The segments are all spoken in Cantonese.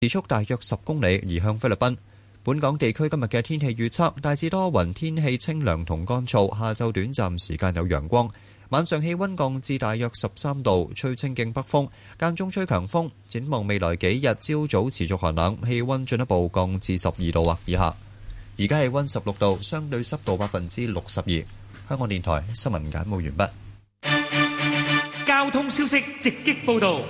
時速大約十公里，移向菲律賓。本港地區今日嘅天氣預測大致多雲，天氣清涼同乾燥。下晝短暫時間有陽光，晚上氣温降至大約十三度，吹清勁北風，間中吹強風。展望未來幾日，朝早持續寒冷，氣温進一步降至十二度或以下。而家氣温十六度，相對濕度百分之六十二。香港電台新聞簡報完畢。交通消息直擊報道。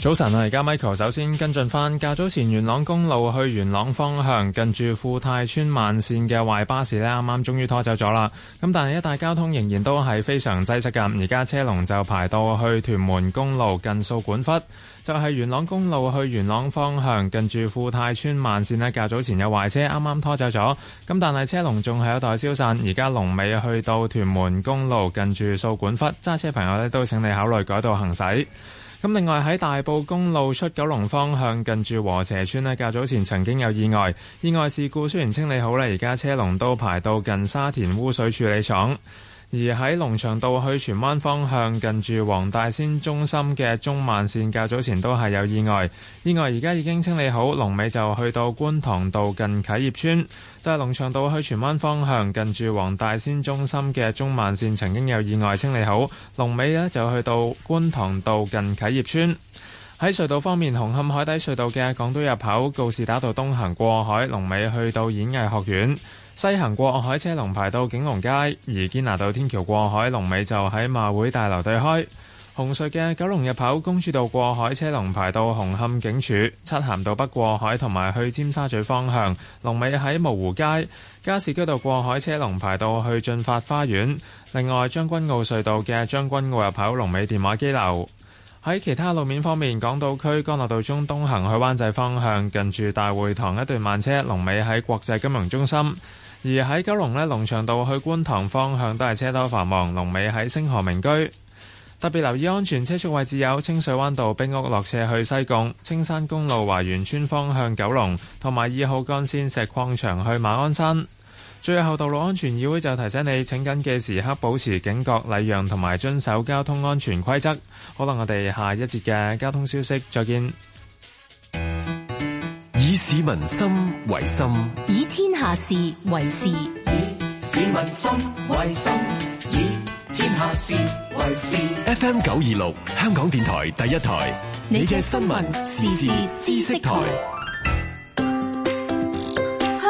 早晨啊！而家 Michael 首先跟進返，較早前元朗公路去元朗方向，近住富泰村慢線嘅壞巴士呢，啱啱終於拖走咗啦。咁但係一帶交通仍然都係非常擠塞嘅。而家車龍就排到去屯門公路近掃管笏，就係元朗公路去元朗方向，近住富泰村慢線呢，較早前有壞車，啱啱拖走咗。咁但係車龍仲係有待消散。而家龍尾去到屯門公路近住掃管笏，揸車朋友呢都請你考慮改道行駛。咁另外喺大埔公路出九龍方向近住禾輋村咧，較早前曾經有意外，意外事故雖然清理好啦，而家車龍都排到近沙田污水處理廠。而喺龍翔道去荃灣方向，近住黃大仙中心嘅中慢線，較早前都係有意外。意外而家已經清理好，龍尾就去到觀塘道近啟業邨。就係龍翔道去荃灣方向，近住黃大仙中心嘅中慢線曾經有意外，清理好，龍尾呢，就去到觀塘道近啟業邨。喺隧道方面，紅磡海底隧道嘅港島入口告士打道東行過海，龍尾去到演藝學院。西行過海車龍排到景隆街，而堅拿道天橋過海龍尾就喺馬會大樓對開。紅隧嘅九龍入口公主道過海車龍排到紅磡警署，漆咸道北過海同埋去尖沙咀方向龍尾喺蕪湖街。加士居道過海車龍排到去駿發花園。另外將軍澳隧道嘅將軍澳入口龍尾電話機樓。喺其他路面方面，港島區干諾道中東行去灣仔方向，近住大會堂一段慢車，龍尾喺國際金融中心；而喺九龍咧，龍翔道去觀塘方向都係車多繁忙，龍尾喺星河名居。特別留意安全車速位置有清水灣道壁屋落斜去西貢、青山公路華源村方向九龍，同埋二號幹線石礦場去馬鞍山。最後，道路安全議會就提醒你，請緊嘅時刻保持警覺、禮讓同埋遵守交通安全規則。可能我哋下一節嘅交通消息再見。以，以，以市民心為心，以天下事為事。以市民心為心，以天下事為事。FM 九二六，香港電台第一台，你嘅新聞時事知識台。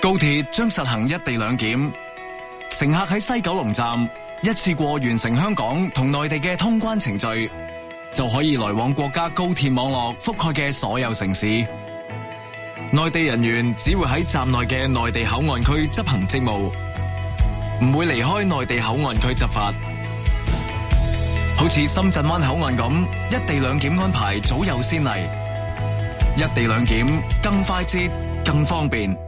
高鐵將實行一地兩檢，乘客喺西九龍站一次過完成香港同內地嘅通關程序，就可以來往國家高鐵網絡覆蓋嘅所有城市。內地人員只會喺站內嘅內地口岸區執行職務，唔會離開內地口岸區執法。好似深圳灣口岸咁，一地兩檢安排早有先例，一地兩檢更快捷、更方便。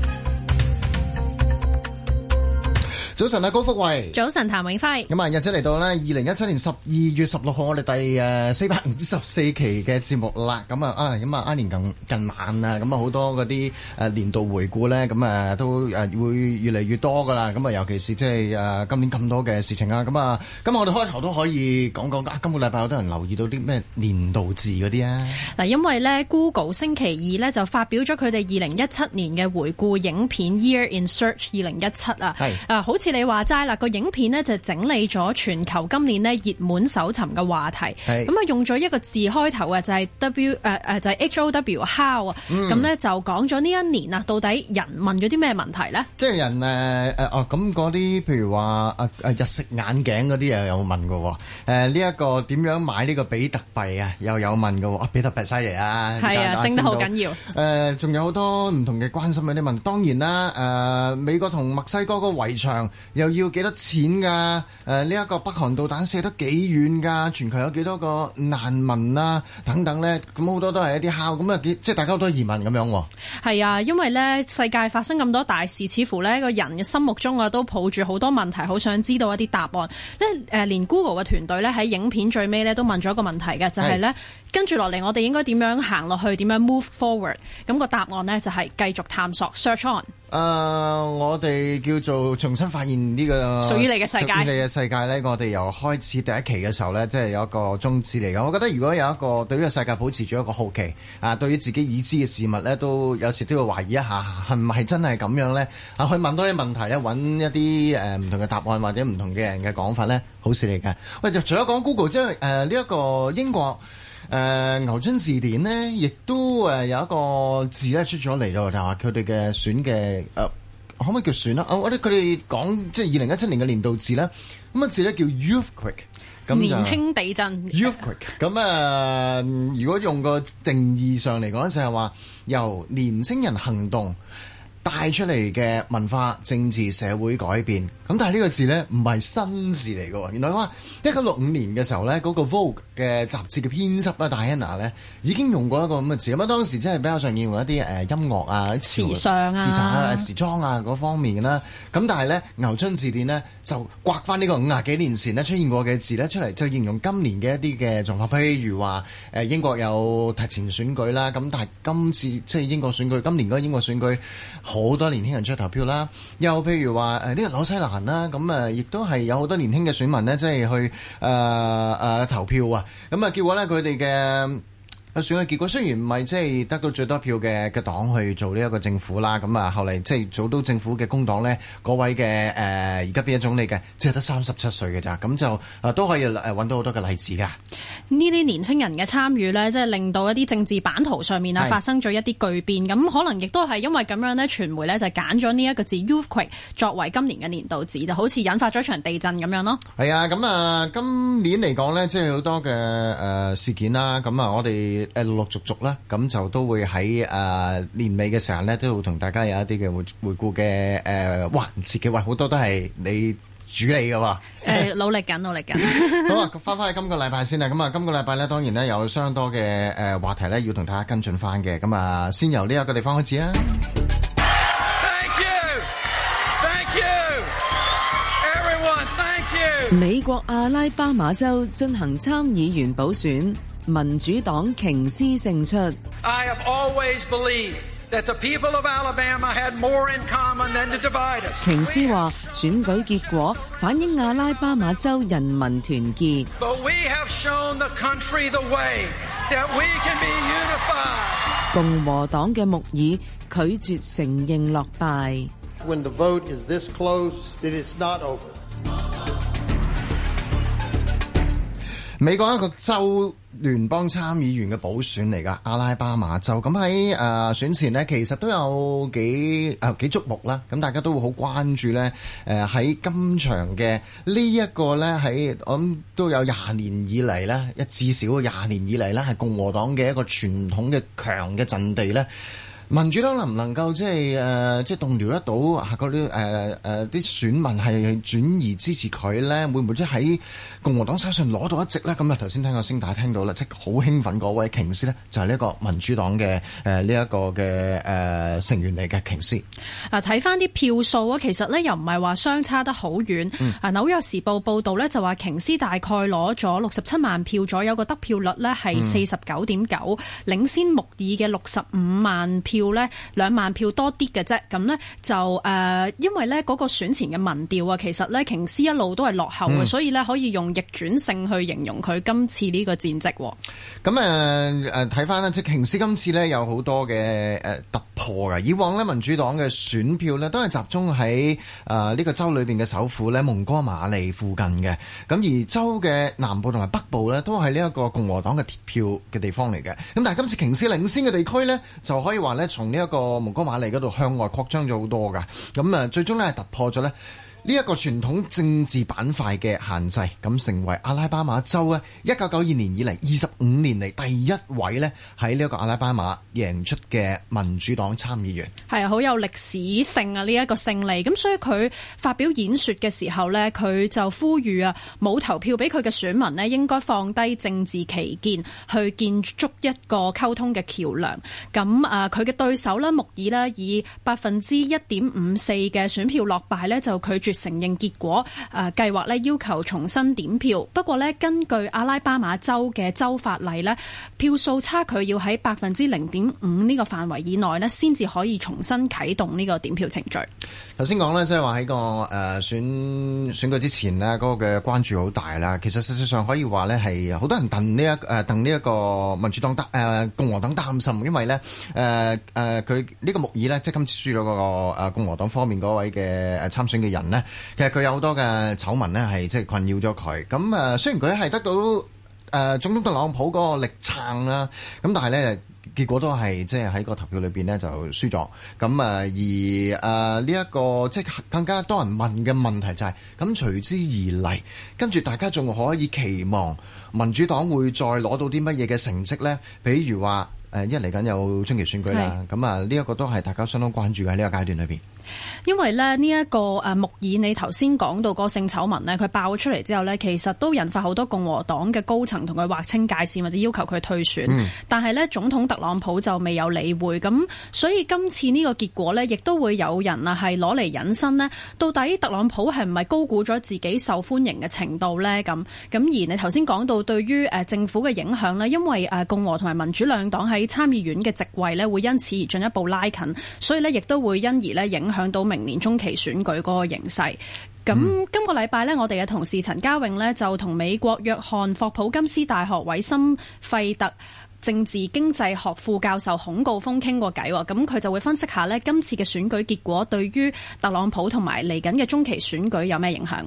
早晨啊，高福慧，早晨譚永輝。咁啊，日子嚟到咧，二零一七年十二月十六號，我哋第誒四百五十四期嘅節目啦。咁啊，啊，咁啊，阿年近近晚啊，咁啊，好多啲誒年度回顧咧，咁啊，都誒會越嚟越多噶啦。咁啊，尤其是即係誒今年咁多嘅事情啊。咁啊，咁我哋開頭都可以講講啊，今個禮拜好多人留意到啲咩年度字啲啊？嗱，因為咧，Google 星期二咧就發表咗佢哋二零一七年嘅回顧影片 Year in Search 二零一七啊，係啊，好似。你話齋啦，個影片咧就整理咗全球今年咧熱門搜尋嘅話題，咁啊是用咗一個字開頭啊，就係、是、W 誒、呃、就係、是、H O W How 啊、嗯，咁咧就講咗呢一年啊，到底人問咗啲咩問題咧？即係人誒哦咁嗰啲，譬如話啊日食眼鏡嗰啲又有問㗎喎，呢、啊、一、這個點樣買呢個比特幣啊，又有問㗎喎、啊，比特幣犀利啊，係啊，啊升得好緊要誒，仲、啊、有好多唔同嘅關心嗰啲問，當然啦誒、啊，美國同墨西哥個圍牆。又要幾多錢噶、啊？誒、呃、呢、這、一個北韓導彈射得幾遠噶？全球有幾多個難民啊？等等咧，咁好多都係一啲敲，咁啊，即係大家好多疑問咁樣。係啊，因為咧世界發生咁多大事，似乎呢個人嘅心目中啊都抱住好多問題，好想知道一啲答案。誒、呃，連 Google 嘅團隊咧喺影片最尾咧都問咗一個問題嘅，就係咧跟住落嚟，是我哋應該點樣行落去？點樣 move forward？咁個答案呢，就係、是、繼續探索，search on。誒，uh, 我哋叫做重新發現呢個屬於你嘅世界。你嘅世界呢，我哋由開始第一期嘅時候呢，即係有一個宗旨嚟㗎。我覺得如果有一個對於世界保持住一個好奇，啊，對於自己已知嘅事物呢，都有時都要懷疑一下，係唔係真係咁樣呢？啊，去問多啲問題呢，揾一啲誒唔同嘅答案或者唔同嘅人嘅講法呢，好事嚟㗎。喂，就除咗講 Google 之外，即係呢一個英國。誒、呃，牛津字典咧，亦都誒有一個字咧出咗嚟咯就話佢哋嘅選嘅誒、呃，可唔可以叫選啦？我我哋佢哋講即係二零一七年嘅年度字咧，咁、那個字咧叫 youthquake，咁年輕地震 youthquake。咁啊、呃，如果用個定義上嚟講就係、是、話由年輕人行動帶出嚟嘅文化、政治、社會改變。咁但係呢個字咧唔係新字嚟嘅，原來話一九六五年嘅時候咧，嗰、那個 vogue。嘅雜誌嘅編輯啊，大亨啊咧，已經用過一個咁嘅字。咁啊，當時真係比較常見用一啲音樂啊、時尚啊、時尚啊、時裝啊嗰方面啦。咁但係咧，牛津字典咧就刮翻呢個五廿幾年前咧出現過嘅字咧出嚟，就形容今年嘅一啲嘅狀況。譬如話誒，英國有提前選舉啦。咁但係今次即係英國選舉，今年嗰個英國選舉好多年輕人出去投票啦。又譬如話呢、呢個紐西蘭啦，咁啊，亦都係有好多年輕嘅選民呢，即係去誒、呃呃、投票啊。咁啊，結果咧，佢哋嘅。選舉結果雖然唔係即係得到最多票嘅嘅黨去做呢一個政府啦，咁啊後嚟即係組到政府嘅工黨咧，嗰位嘅誒而家變咗總理嘅，即係得三十七歲嘅咋，咁就啊、呃、都可以誒揾到好多嘅例子噶。呢啲年輕人嘅參與咧，即、就、係、是、令到一啲政治版圖上面啊發生咗一啲巨變，咁是可能亦都係因為咁樣咧，傳媒咧就揀咗呢一個字 youthquake 作為今年嘅年度字，就好似引發咗一場地震咁樣咯。係啊，咁啊今年嚟講咧，即係好多嘅誒、呃、事件啦、啊，咁啊我哋。誒，陸陸續續啦，咁就都會喺誒年尾嘅時候咧，都會同大家有一啲嘅回回顧嘅誒環節嘅，哇，好多都係你主理噶喎，誒，努力緊，努力緊。好啊，翻翻去今個禮拜先啦，咁啊，今個禮拜咧，當然咧有相當多嘅誒話題咧，要同大家跟進翻嘅，咁啊，先由呢一個地方開始啊。Thank you, thank you, everyone, thank you. 美國阿拉巴馬州進行參議員補選。民主黨瓊斯勝出。瓊斯話選舉結果反映阿拉巴馬州人民團結。共和黨嘅木爾拒絕承認落敗。美國一個州。聯邦參議員嘅補選嚟㗎，阿拉巴馬州。咁喺誒選前呢，其實都有幾誒、啊、幾觸目啦。咁大家都會好關注呢。誒、呃、喺今場嘅呢一個呢，喺我諗都有廿年以嚟咧，一至少廿年以嚟咧，係共和黨嘅一個傳統嘅強嘅陣地呢。民主黨能唔能夠即係誒即係動搖得到下個啲誒誒啲選民係轉移支持佢咧？會唔會即係喺共和黨手上攞到一席咧？咁啊，頭先聽個聲帶，聽到啦，即係好興奮嗰，位瓊斯咧，就係呢個民主黨嘅誒呢一個嘅誒成員嚟嘅瓊斯。啊，睇翻啲票數啊，其實咧又唔係話相差得好遠啊，嗯，《紐約時報》報道咧就話瓊斯大概攞咗六十七萬票左右，有個得票率咧係四十九點九，領先穆爾嘅六十五萬票。票呢兩萬票多啲嘅啫，咁呢，就、呃、誒，因為呢嗰個選前嘅民調啊，其實呢，瓊斯一路都係落後嘅，嗯、所以呢可以用逆轉性去形容佢今次呢個戰績。咁誒誒，睇翻呢，即係瓊斯今次呢有好多嘅誒突破嘅。以往呢，民主黨嘅選票呢都係集中喺誒呢個州裏邊嘅首府呢，蒙哥馬利附近嘅。咁而州嘅南部同埋北部呢，都係呢一個共和黨嘅鐵票嘅地方嚟嘅。咁但係今次瓊斯領先嘅地區呢，就可以話呢。從呢一個蒙哥馬利嗰度向外擴張咗好多噶，咁啊最終咧係突破咗咧。呢一個傳統政治板塊嘅限制，咁成為阿拉巴馬州呢一九九二年以嚟二十五年嚟第一位呢喺呢個阿拉巴馬贏出嘅民主黨參議員，係啊，好有歷史性啊！呢一個勝利，咁所以佢發表演說嘅時候呢，佢就呼籲啊，冇投票俾佢嘅選民呢應該放低政治歧見，去建築一個溝通嘅橋梁。咁啊，佢嘅對手啦穆爾以百分之一點五四嘅選票落敗呢就拒絕。承認結果，誒計劃咧要求重新點票。不過咧，根據阿拉巴馬州嘅州法例咧，票數差距要喺百分之零點五呢個範圍以內咧，先至可以重新啟動呢個點票程序。頭先講呢，即係話喺個誒、呃、選選舉之前呢，嗰、那個嘅關注好大啦。其實事實上可以話呢，係好多人戥呢一誒戥呢一個民主黨擔誒共和黨擔心，因為呢，誒誒佢呢個木爾呢，即係今次輸咗嗰個誒共和黨方面嗰位嘅誒參選嘅人呢。其實佢有好多嘅醜聞呢，係即係困擾咗佢。咁誒，雖然佢係得到誒、呃、總統特朗普嗰個力撐啦，咁但係呢，結果都係即係喺個投票裏邊呢就輸咗。咁誒而誒呢一個即係更加多人問嘅問題就係、是，咁隨之而嚟，跟住大家仲可以期望民主黨會再攞到啲乜嘢嘅成績呢？比如話誒，一嚟緊有中期選舉啦，咁啊呢一個都係大家相當關注嘅呢個階段裏邊。因為咧，呢一個誒穆爾，你頭先講到個性醜聞呢，佢爆出嚟之後呢，其實都引發好多共和黨嘅高層同佢劃清界線，或者要求佢退選。嗯、但係呢，總統特朗普就未有理會，咁所以今次呢個結果呢，亦都會有人啊係攞嚟引申呢，到底特朗普係唔係高估咗自己受歡迎嘅程度呢？咁咁而你頭先講到對於誒政府嘅影響呢，因為誒共和同埋民主兩黨喺參議院嘅席位呢，會因此而進一步拉近，所以呢，亦都會因而呢，影。影響到明年中期選舉嗰個形勢。咁、嗯、今個禮拜咧，我哋嘅同事陳家穎咧就同美國約翰霍普金斯大學韋森費特政治經濟學副教授孔高峰傾過偈。咁佢就會分析下咧今次嘅選舉結果對於特朗普同埋嚟緊嘅中期選舉有咩影響？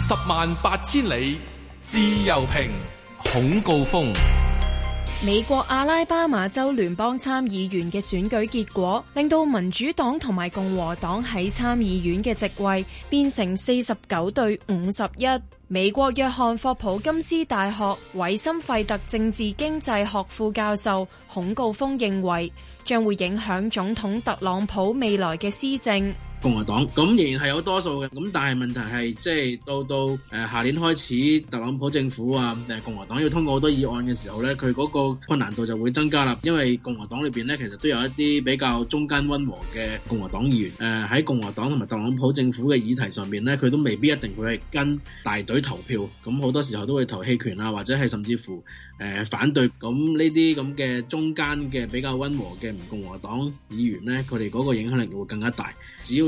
十萬八千里自由平孔高峰。美國阿拉巴馬州聯邦參議員嘅選舉結果，令到民主黨同埋共和黨喺參議院嘅席位變成四十九對五十一。美國約翰霍普金斯大學韋森費特政治經濟學副教授孔告峰認為，將會影響總統特朗普未來嘅施政。共和黨咁仍然係有多數嘅，咁但係問題係即係到到誒下、呃、年開始，特朗普政府啊，呃、共和黨要通過好多議案嘅時候咧，佢嗰個困難度就會增加啦。因為共和黨裏面咧，其實都有一啲比較中間溫和嘅共和黨議員，誒、呃、喺共和黨同埋特朗普政府嘅議題上面咧，佢都未必一定會係跟大隊投票，咁好多時候都會投棄權啊，或者係甚至乎、呃、反對。咁呢啲咁嘅中間嘅比較溫和嘅唔共和黨議員咧，佢哋嗰個影響力會更加大。只要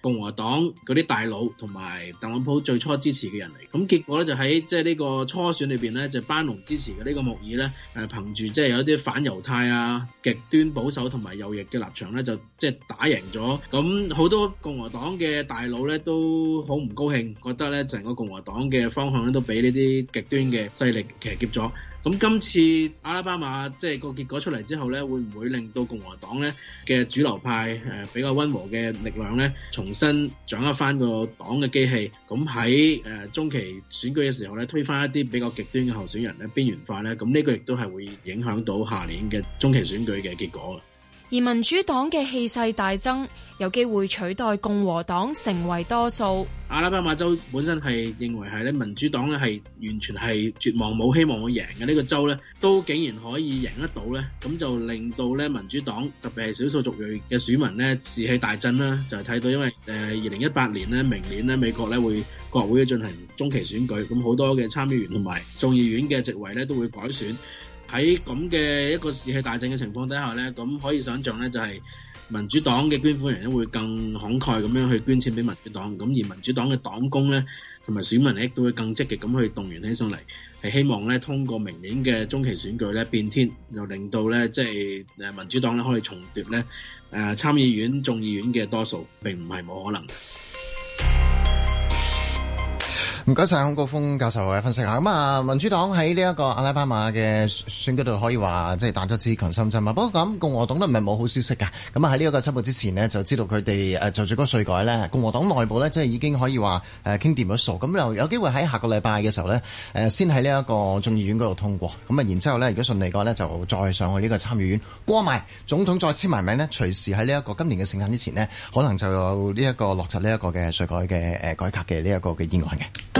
共和黨嗰啲大佬同埋特朗普最初支持嘅人嚟，咁結果咧就喺即係呢個初選裏面咧，就是、班農支持嘅呢個穆爾咧，誒憑住即係有啲反猶太啊、極端保守同埋右翼嘅立場咧，就即係打贏咗。咁好多共和黨嘅大佬咧都好唔高興，覺得咧成個共和黨嘅方向咧都俾呢啲極端嘅勢力騎劫咗。咁今次阿拉巴馬即係個結果出嚟之後咧，會唔會令到共和黨咧嘅主流派誒比較溫和嘅力量咧，重新掌握翻個黨嘅機器？咁喺誒中期選舉嘅時候咧，推翻一啲比較極端嘅候選人咧，邊緣化咧，咁呢個亦都係會影響到下年嘅中期選舉嘅結果。而民主黨嘅氣勢大增，有機會取代共和黨成為多數。阿拉巴馬州本身係認為係咧，民主黨咧係完全係絕望冇希望會贏嘅呢個州咧，都竟然可以贏得到咧，咁就令到咧民主黨特別係少數族裔嘅選民咧士氣大振啦。就係睇到因為誒二零一八年咧，明年咧美國咧會國會進行中期選舉，咁好多嘅參議員同埋眾議院嘅席位咧都會改選。喺咁嘅一個士氣大振嘅情況底下咧，咁可以想象咧就係民主黨嘅捐款人會更慷慨咁樣去捐錢俾民主黨，咁而民主黨嘅黨工咧同埋選民亦都會更積極咁去動員起上嚟，係希望咧通過明年嘅中期選舉咧變天，又令到咧即係誒民主黨咧可以重奪咧誒參議院、眾議院嘅多數，並唔係冇可能。唔該曬，孔國峰教授嘅分析下。咁啊，民主黨喺呢一個阿拉巴馬嘅選舉度可以話即係彈出支強心針啊！不過咁共和黨都唔係冇好消息㗎。咁啊喺呢一個七號之前呢，就知道佢哋就住嗰個稅改咧，共和黨內部咧即係已經可以話誒傾掂咗數，咁又有機會喺下個禮拜嘅時候咧先喺呢一個眾議院嗰度通過，咁啊然之後咧，如果順利嘅話咧就再上去呢個參議院過埋總統再簽埋名呢，隨時喺呢一個今年嘅聖誕之前呢，可能就有呢一個落實呢一個嘅稅改嘅改革嘅呢一個嘅議案嘅。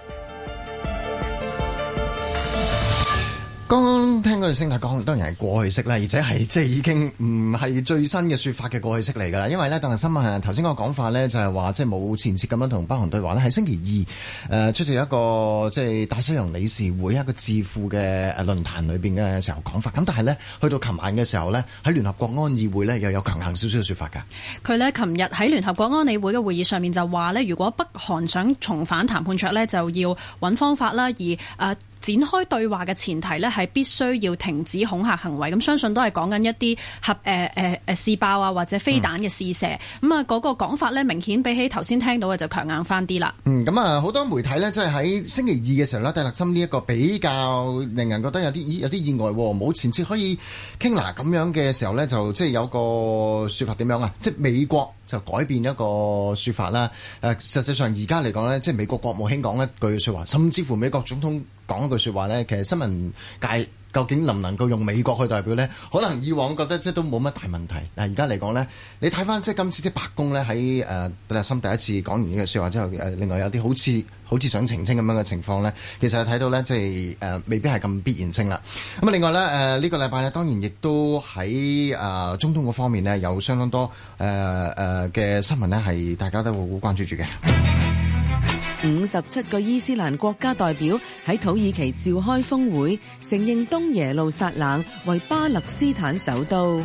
剛剛聽嗰段聲，但講當然係過去式啦，而且係即係已經唔係最新嘅說法嘅過去式嚟㗎啦。因為呢，當日新聞頭先個講法呢，就係、是、話，即係冇前設咁樣同北韓對話呢，喺星期二誒、呃、出席一個即係大西洋理事會一個智庫嘅論壇裏邊嘅時候講法。咁但係呢，去到琴晚嘅時候在聯呢，喺聯合國安理會呢又有強硬少少嘅說法㗎。佢呢，琴日喺聯合國安理會嘅會議上面就話呢，如果北韓想重返談判桌呢，就要揾方法啦，而誒。呃展開對話嘅前提咧，係必須要停止恐嚇行為。咁相信都係講緊一啲核誒誒誒試爆啊，或者飛彈嘅試射。咁啊，嗰個講法呢明顯比起頭先聽到嘅就強硬翻啲啦。嗯，咁啊，好多媒體呢，即係喺星期二嘅時候呢，戴立森呢一個比較令人覺得有啲有啲意外，冇前設可以傾嗱咁樣嘅時候呢，就即係有個説法點樣啊？即係美國就改變一個説法啦。誒，實際上而家嚟講呢，即係美國國務卿講一句説話，甚至乎美國總統。講一句説話咧，其實新聞界究竟能唔能夠用美國去代表呢？可能以往覺得即係都冇乜大問題，但而家嚟講呢，你睇翻即係今次啲白宮呢，喺誒布達森第一次講完呢句説話之後，另外有啲好似好似想澄清咁樣嘅情況呢，其實睇到呢，即係誒未必係咁必然性啦。咁另外呢，誒、呃、呢、呢個禮拜呢，當然亦都喺誒、呃、中東嗰方面呢，有相當多誒誒嘅新聞呢，係大家都會好關注住嘅。五十七個伊斯蘭國家代表喺土耳其召開峰會，承認東耶路撒冷為巴勒斯坦首都。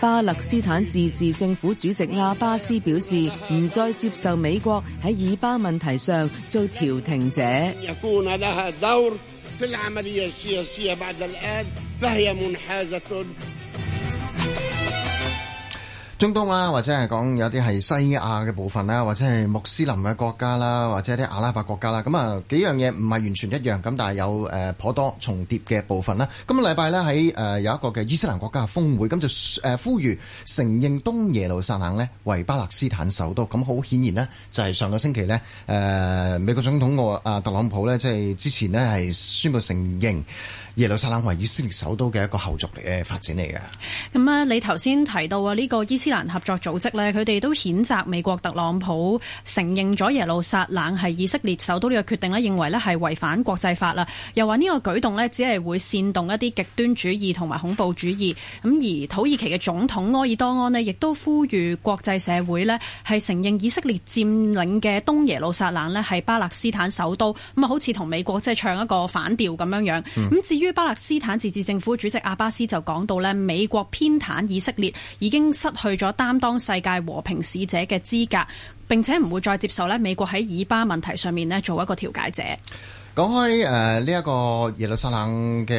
巴勒斯坦自治政府主席阿巴斯表示，唔再接受美國喺以巴問題上做調停者。中東啦，或者係講有啲係西亞嘅部分啦，或者係穆斯林嘅國家啦，或者啲阿拉伯國家啦，咁啊幾樣嘢唔係完全一樣，咁但係有誒頗多重疊嘅部分啦。今個禮拜呢，喺誒有一個嘅伊斯蘭國家峰會，咁就誒呼籲承認東耶路撒冷呢為巴勒斯坦首都。咁好顯然呢，就係上個星期呢，誒美國總統啊特朗普呢，即係之前呢，係宣布承認。耶路撒冷為以色列首都嘅一個後續嚟嘅發展嚟嘅。咁啊，你頭先提到啊，呢個伊斯蘭合作組織呢，佢哋都譴責美國特朗普承認咗耶路撒冷係以色列首都呢個決定啦，認為呢係違反國際法啦。又話呢個舉動呢，只係會煽動一啲極端主義同埋恐怖主義。咁而土耳其嘅總統埃爾多安呢，亦都呼籲國際社會呢係承認以色列佔領嘅東耶路撒冷呢係巴勒斯坦首都。咁啊，好似同美國即係唱一個反調咁樣樣。咁至、嗯。於巴勒斯坦自治政府主席阿巴斯就講到咧美國偏袒以色列，已經失去咗擔當世界和平使者嘅資格，並且唔會再接受咧美國喺以巴問題上面咧做一個調解者。講開誒，呢一個耶路撒冷嘅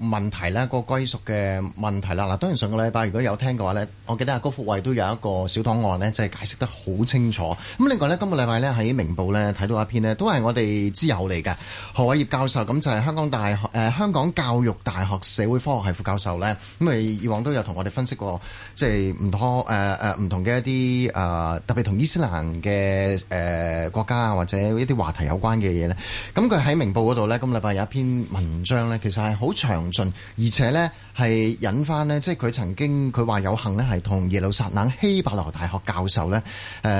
問題咧，個歸屬嘅問題啦，嗱，當然上個禮拜如果有聽嘅話咧，我記得阿高福衛都有一個小檔案咧，即係解釋得好清楚。咁另外咧，今個禮拜咧喺明報咧睇到一篇呢，都係我哋之友嚟嘅何偉業教授,咁就係香港大學誒，香港教育大學社會科學系副教授咧，咁咪以往都有同我哋分析過，即係唔誒誒唔同嘅、呃、一啲誒、呃，特別同伊斯蘭嘅誒國家或者一啲話題有關嘅嘢咧，咁佢，喺明報嗰度咧，今禮拜有一篇文章咧，其實係好詳盡，而且咧係引翻呢，即係佢曾經佢話有幸呢係同耶路撒冷希伯來大學教授咧，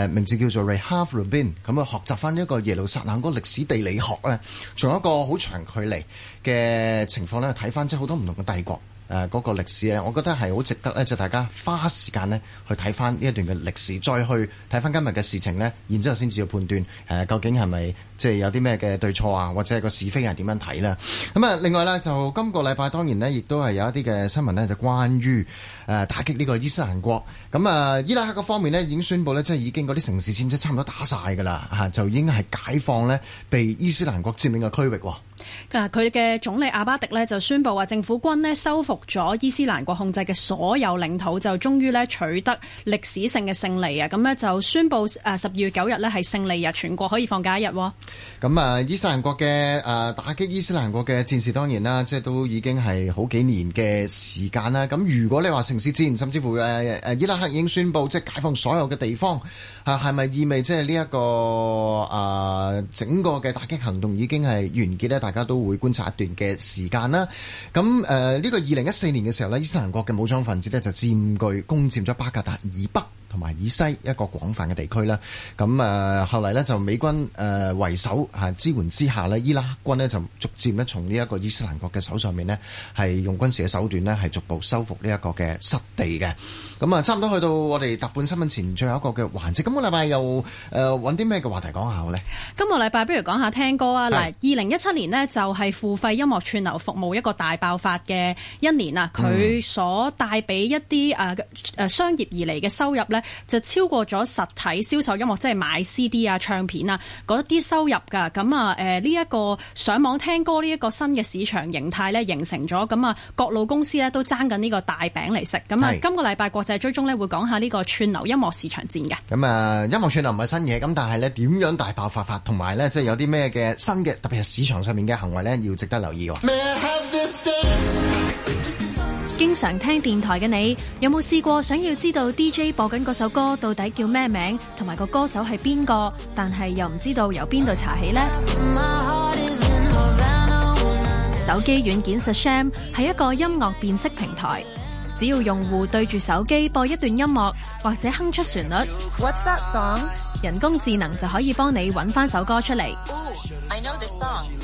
名字叫做 Rehav Rubin 咁啊學習翻一個耶路撒冷嗰歷史地理學咧，有一個好長距離嘅情況咧睇翻，即係好多唔同嘅帝國。誒嗰個歷史咧，我覺得係好值得咧，就大家花時間呢去睇翻呢一段嘅歷史，再去睇翻今日嘅事情呢，然之後先至要判斷誒究竟係咪即係有啲咩嘅對錯啊，或者個是非係點樣睇啦？咁啊，另外呢，就今、今個禮拜當然呢，亦都係有一啲嘅新聞呢，就關於誒打擊呢個伊斯蘭國。咁啊，伊拉克嘅方面呢，已經宣布呢，即係已經嗰啲城市戰爭差唔多打晒噶啦嚇，就已經係解放呢，被伊斯蘭國佔領嘅區域喎。佢嘅總理阿巴迪呢，就宣布話，政府軍呢，收復咗伊斯蘭國控制嘅所有領土，就終於呢取得歷史性嘅勝利啊！咁呢，就宣布誒十二月九日呢係勝利日，全國可以放假一日。咁啊，伊斯蘭國嘅誒打擊伊斯蘭國嘅戰士當然啦，即係都已經係好幾年嘅時間啦。咁如果你話城市戰，甚至乎伊拉克已經宣布即係解放所有嘅地方，啊係咪意味即係呢一個啊整個嘅打擊行動已經係完結呢？大家？都會觀察一段嘅時間啦。咁誒，呢、呃呢個二零一四年嘅時候咧，伊斯蘭國嘅武裝分子咧就佔據攻占咗巴格達以北。同埋以西一個廣泛嘅地區啦，咁誒後嚟咧就美軍誒為首吓支援之下咧，伊拉克軍咧就逐漸咧從呢一個伊斯蘭國嘅手上面咧，係用軍事嘅手段咧，係逐步收復呢一個嘅失地嘅。咁啊，差唔多去到我哋特半新聞前最後一個嘅環節，咁，個禮拜又誒揾啲咩嘅話題講下好咧？今個禮拜不如講下聽，聽歌啊！嗱是，二零一七年咧就係付費音樂串流服務一個大爆發嘅一年啊！佢所帶俾一啲誒誒商業而嚟嘅收入咧。是嗯就超過咗實體銷售音樂，即係買 CD 啊、唱片啊嗰啲收入㗎。咁啊，誒呢一個上網聽歌呢一個新嘅市場形態咧，形成咗。咁啊，各路公司咧都爭緊呢個大餅嚟食。咁啊，是今個禮拜國際追蹤咧會講下呢個串流音樂市場戰嘅。咁啊，音樂串流唔係新嘢，咁但係咧點樣大爆發法，同埋咧即係有啲咩嘅新嘅，特別係市場上面嘅行為咧，要值得留意喎。經常聽電台嘅你，有冇試過想要知道 DJ 播緊嗰首歌到底叫咩名，同埋個歌手係邊個？但係又唔知道由邊度查起呢？ 手機軟件 Shazam 係一個音樂辨識平台，只要用戶對住手機播一段音樂或者哼出旋律，人工智能就可以幫你揾翻首歌出嚟。Ooh,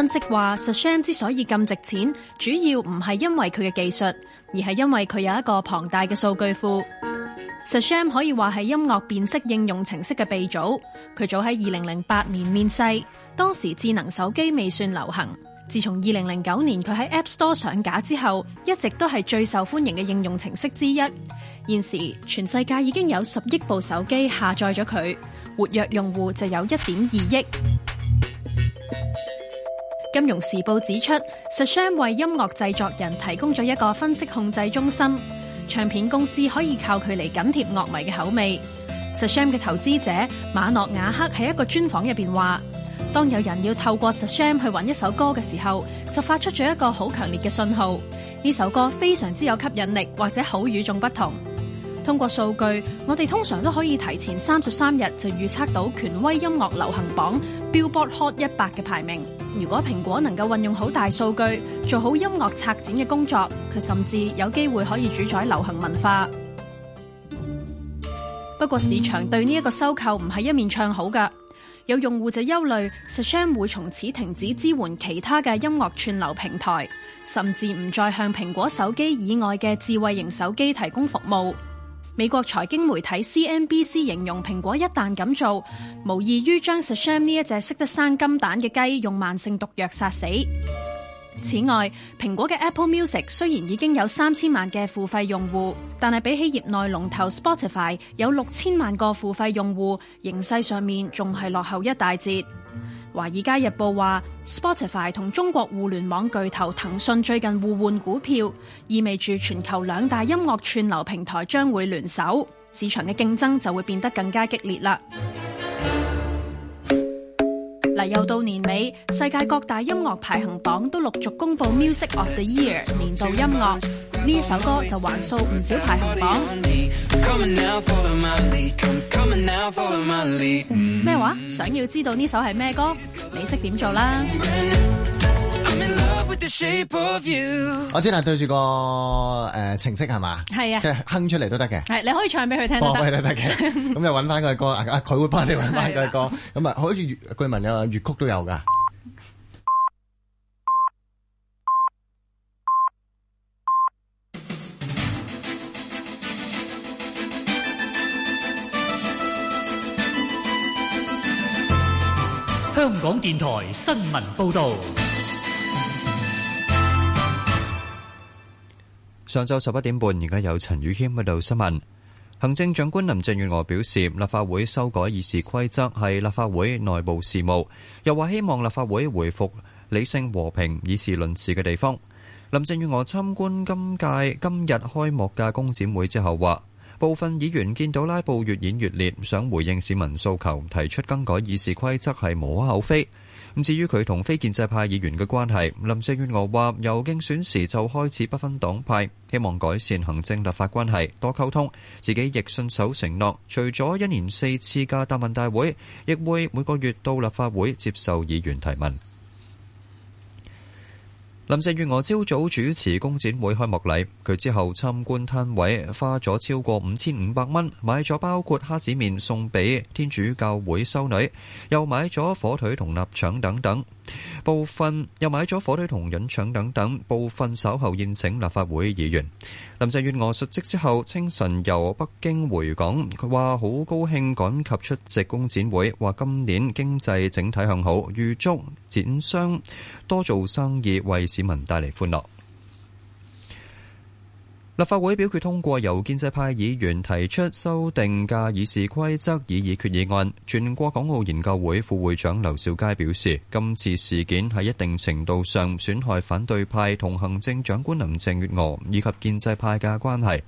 分析話，Shazam 之所以咁值錢，主要唔係因為佢嘅技術，而係因為佢有一個龐大嘅數據庫。Shazam 可以話係音樂辨識應用程式嘅鼻祖，佢早喺二零零八年面世，當時智能手機未算流行。自從二零零九年佢喺 App Store 上架之後，一直都係最受歡迎嘅應用程式之一。現時全世界已經有十億部手機下載咗佢，活躍用戶就有一點二億。金融時報指出，Sasham 為音樂製作人提供咗一個分析控制中心，唱片公司可以靠佢嚟緊貼樂迷嘅口味。Sasham 嘅投資者馬諾雅克喺一個專訪入邊話，當有人要透過 Sasham 去揾一首歌嘅時候，就發出咗一個好強烈嘅信號，呢首歌非常之有吸引力或者好與眾不同。通過數據，我哋通常都可以提前三十三日就預測到權威音樂流行榜 Billboard Hot 一百嘅排名。如果蘋果能夠運用好大數據，做好音樂策展嘅工作，佢甚至有機會可以主宰流行文化。不過市場對呢一個收購唔係一面唱好嘅，有用戶就憂慮 Shazam 會從此停止支援其他嘅音樂串流平台，甚至唔再向蘋果手機以外嘅智慧型手機提供服務。美國財經媒體 CNBC 形容蘋果一旦咁做，無異於將 Shazam 呢一隻識得生金蛋嘅雞用慢性毒藥殺死。此外，蘋果嘅 Apple Music 雖然已經有三千萬嘅付費用戶，但係比起業內龍頭 Spotify 有六千萬個付費用戶，形勢上面仲係落後一大截。華爾街日報話，Spotify 同中國互聯網巨頭騰訊最近互換股票，意味住全球兩大音樂串流平台將會聯手，市場嘅競爭就會變得更加激烈啦。嗱，又到年尾，世界各大音樂排行榜都陸續公布 Music of the Year 年度音樂，呢一首歌就橫掃唔少排行榜。咩話？想要知道呢首係咩歌？你識點做啦？我只能對住個誒程式係嘛，係啊，即係哼出嚟都得嘅。係，你可以唱俾佢聽都得。得嘅，咁就揾翻佢嘅歌，佢會幫你揾翻佢嘅歌。咁啊，好似粵據聞有粵曲都有噶。香港電台新聞報導。上晝十一點半，而家有陳宇軒喺度新聞。行政長官林鄭月娥表示，立法會修改議事規則係立法會內部事務，又話希望立法會回復理性和平，以事論事嘅地方。林鄭月娥參觀今屆今日開幕嘅工展會之後，話部分議員見到拉布越演越烈，想回應市民訴求，提出更改議事規則係無可厚非。咁至於佢同非建制派議員嘅關係，林鄭月娥話由競選時就開始不分黨派，希望改善行政立法關係，多溝通。自己亦信守承諾，除咗一年四次嘅答問大會，亦會每個月到立法會接受議員提問。林鄭月娥朝早主持工展會開幕禮，佢之後參觀攤位，花咗超過五千五百蚊，買咗包括蝦子麵送俾天主教會修女，又買咗火腿同臘腸等等。部分又買咗火腿同潤腸等等，部分稍後宴請立法會議員。林鄭月娥述職之後，清晨由北京回港，佢話好高興趕及出席工展會，話今年經濟整體向好，預祝展商多做生意，為市民帶嚟歡樂。立法會表決通過由建制派議員提出修訂嘅議事規則以議決議案。全國港澳研究會副會長劉兆佳表示，今次事件係一定程度上損害反對派同行政長官林鄭月娥以及建制派嘅關係，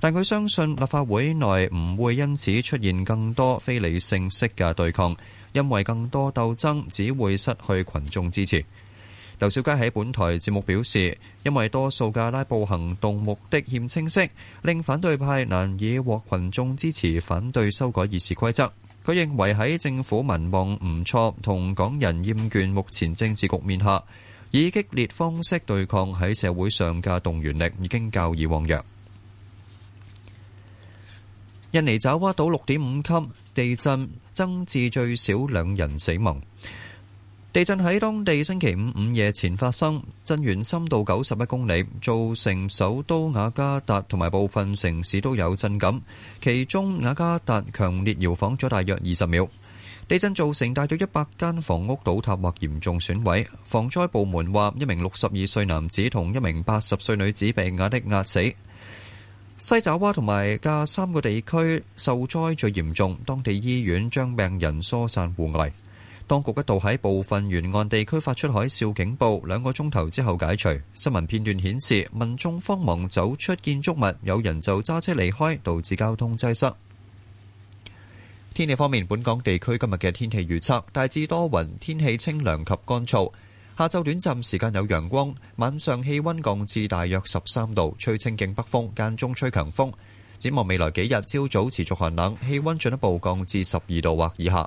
但佢相信立法會內唔會因此出現更多非理性式嘅對抗，因為更多鬥爭只會失去群眾支持。劉小佳喺本台節目表示，因為多數嘅拉布行動目的欠清晰，令反對派難以獲群眾支持反對修改議事規則。佢認為喺政府民望唔錯同港人厭倦目前政治局面下，以激烈方式對抗喺社會上嘅動員力已經較以往弱。印尼爪哇島六點五級地震，增至最少兩人死亡。地震喺當地星期五午夜前發生，震源深度九十一公里，造成首都雅加達同埋部分城市都有震感。其中雅加達強烈搖晃咗大約二十秒。地震造成大約一百間房屋倒塌或嚴重損毀。防災部門話，一名六十二歲男子同一名八十歲女子被瓦礫壓死。西爪哇同埋加三個地區受災最嚴重，當地醫院將病人疏散戶外。當局一度喺部分沿岸地區發出海嘯警報，兩個鐘頭之後解除。新聞片段顯示，民眾慌忙走出建築物，有人就揸車離開，導致交通擠塞。天氣方面，本港地區今日嘅天氣預測大致多雲，天氣清涼及乾燥。下晝短暫時間有陽光，晚上氣温降至大約十三度，吹清勁北風，間中吹強風。展望未來幾日，朝早持續寒冷，氣温進一步降至十二度或以下。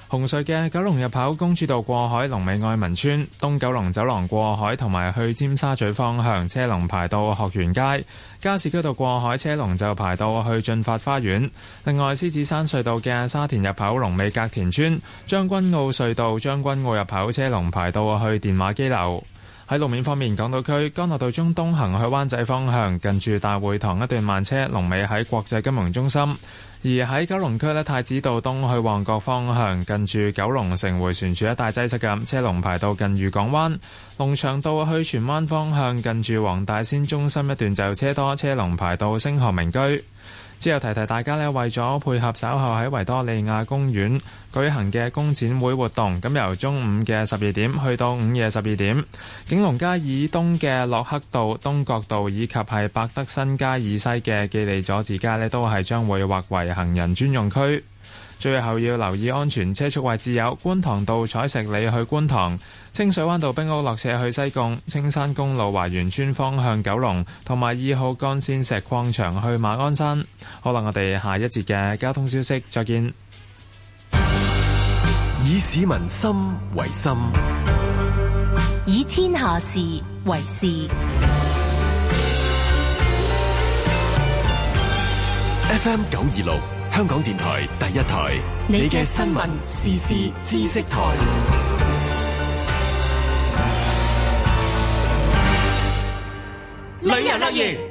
紅隧嘅九龍入口公主道過海龍尾愛民村，東九龍走廊過海同埋去尖沙咀方向車龍排到學園街，加士居道過海車龍就排到去駿發花園。另外，獅子山隧道嘅沙田入口龍尾隔田村，將軍澳隧道將軍澳入口車龍排到去電話機樓。喺路面方面，港島區江樂道中干諾道中東行去灣仔方向，近住大會堂一段慢車，龍尾喺國際金融中心；而喺九龍區太子道東去旺角方向，近住九龍城迴旋處一大擠塞嘅車龍排到近裕港灣；龍翔道去荃灣方向，近住黃大仙中心一段就車多，車龍排到星河名居。之後提提大家呢為咗配合稍後喺維多利亞公園舉行嘅工展會活動，咁由中午嘅十二點去到午夜十二點，景隆街以東嘅洛克道、東角道以及係百德新街以西嘅紀利佐治街呢都係將會劃為行人專用區。最後要留意安全車速位置有觀塘道、彩石里去觀塘，清水灣道冰屋落車去西貢，青山公路華元村方向九龍，同埋二號幹綫石礦場去馬鞍山。可能我哋下一節嘅交通消息，再見。以市民心為心，以天下事為事。F M 九二六，香港電台第一台，你嘅新聞、時事、知識台。旅遊樂園。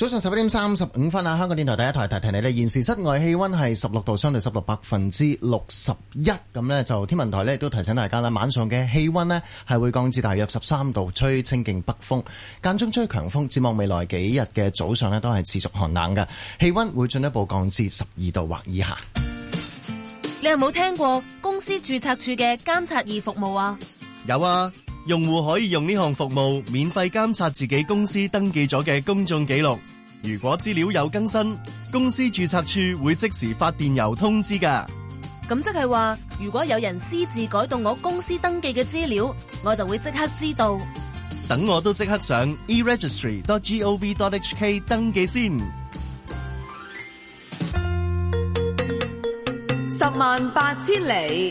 早上十一點三十五分啊，香港電台第一台提提你咧，現時室外氣溫係十六度，相對濕度百分之六十一，咁呢，就天文台呢都提醒大家啦，晚上嘅氣溫呢係會降至大約十三度，吹清勁北風，間中吹強風，展望未來幾日嘅早上呢，都係持續寒冷嘅，氣溫會進一步降至十二度或以下。你有冇聽過公司注冊處嘅監察易服務啊？有啊。用戶可以用呢項服務免費監察自己公司登記咗嘅公眾記錄，如果資料有更新，公司注冊處會即時發電郵通知噶。咁即係話，如果有人私自改動我公司登記嘅資料，我就會即刻知道。等我都即刻上 eRegistry.gov.hk 登記先。十萬八千里。